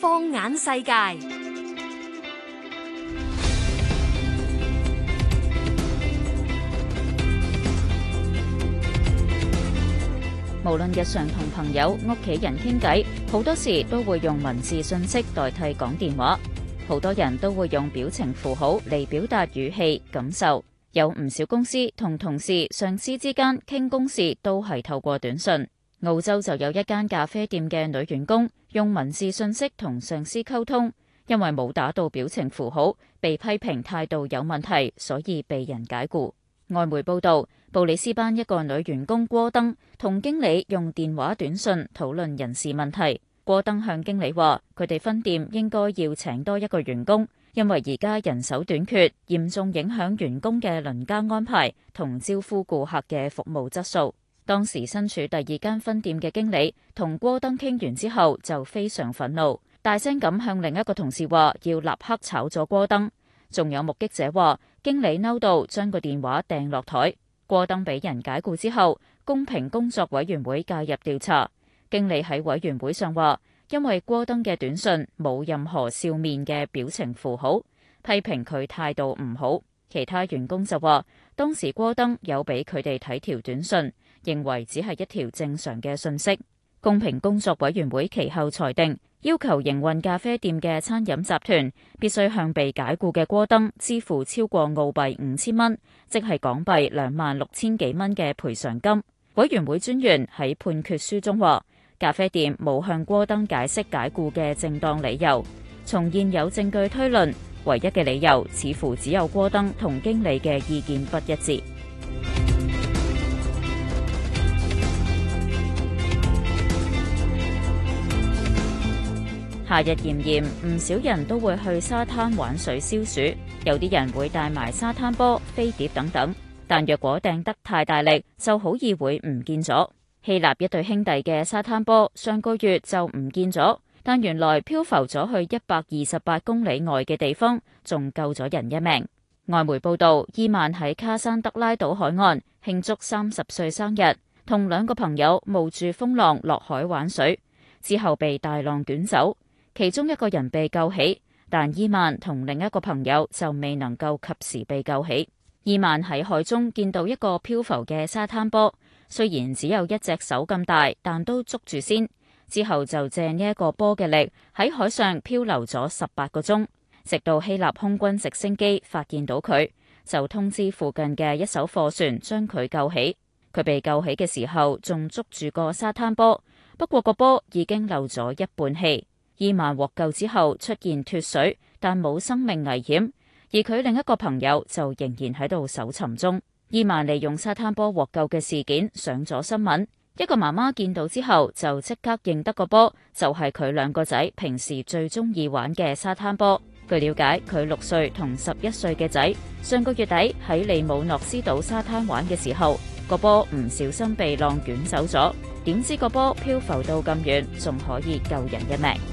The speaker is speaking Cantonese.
放眼世界，無論日常同朋友、屋企人傾偈，好多時都會用文字信息代替講電話。好多人都會用表情符號嚟表達語氣、感受。有唔少公司同同事、上司之間傾公事，都係透過短信。澳洲就有一間咖啡店嘅女員工用文字信息同上司溝通，因為冇打到表情符號，被批評態度有問題，所以被人解僱。外媒報道，布里斯班一個女員工郭登同經理用電話短信討論人事問題。郭登向經理話：佢哋分店應該要請多一個員工，因為而家人手短缺，嚴重影響員工嘅輪班安排同招呼顧客嘅服務質素。當時身處第二間分店嘅經理同郭登傾完之後，就非常憤怒，大聲咁向另一個同事話要立刻炒咗郭登。仲有目擊者話，經理嬲到將個電話掟落台。郭登俾人解僱之後，公平工作委員會介入調查。經理喺委員會上話，因為郭登嘅短信冇任何笑面嘅表情符號，批評佢態度唔好。其他員工就話，當時郭登有俾佢哋睇條短信。認為只係一條正常嘅信息。公平工作委員會其後裁定，要求營運咖啡店嘅餐飲集團必須向被解僱嘅郭登支付超過澳幣五千蚊，即係港幣兩萬六千幾蚊嘅賠償金。委員會專員喺判決書中話，咖啡店冇向郭登解釋解僱嘅正當理由。從現有證據推論，唯一嘅理由似乎只有郭登同經理嘅意見不一致。夏日炎炎，唔少人都會去沙灘玩水消暑，有啲人會帶埋沙灘波、飛碟等等。但若果掟得太大力，就好易會唔見咗。希臘一對兄弟嘅沙灘波上個月就唔見咗，但原來漂浮咗去一百二十八公里外嘅地方，仲救咗人一命。外媒報道，伊曼喺卡山德拉島海岸慶祝三十歲生日，同兩個朋友冒住風浪落海玩水，之後被大浪捲走。其中一個人被救起，但伊曼同另一個朋友就未能夠及時被救起。伊曼喺海中見到一個漂浮嘅沙灘波，雖然只有一隻手咁大，但都捉住先。之後就借呢一個波嘅力喺海上漂流咗十八個鐘，直到希臘空軍直升機發現到佢，就通知附近嘅一艘貨船將佢救起。佢被救起嘅時候仲捉住個沙灘波，不過個波已經漏咗一半氣。伊曼獲救之後出現脫水，但冇生命危險。而佢另一個朋友就仍然喺度搜尋中。伊曼利用沙灘波獲救嘅事件上咗新聞，一個媽媽見到之後就即刻認得個波，就係佢兩個仔平時最中意玩嘅沙灘波。據了解，佢六歲同十一歲嘅仔上個月底喺利姆諾斯島沙灘玩嘅時候，個波唔小心被浪捲走咗，點知個波漂浮到咁遠，仲可以救人一命。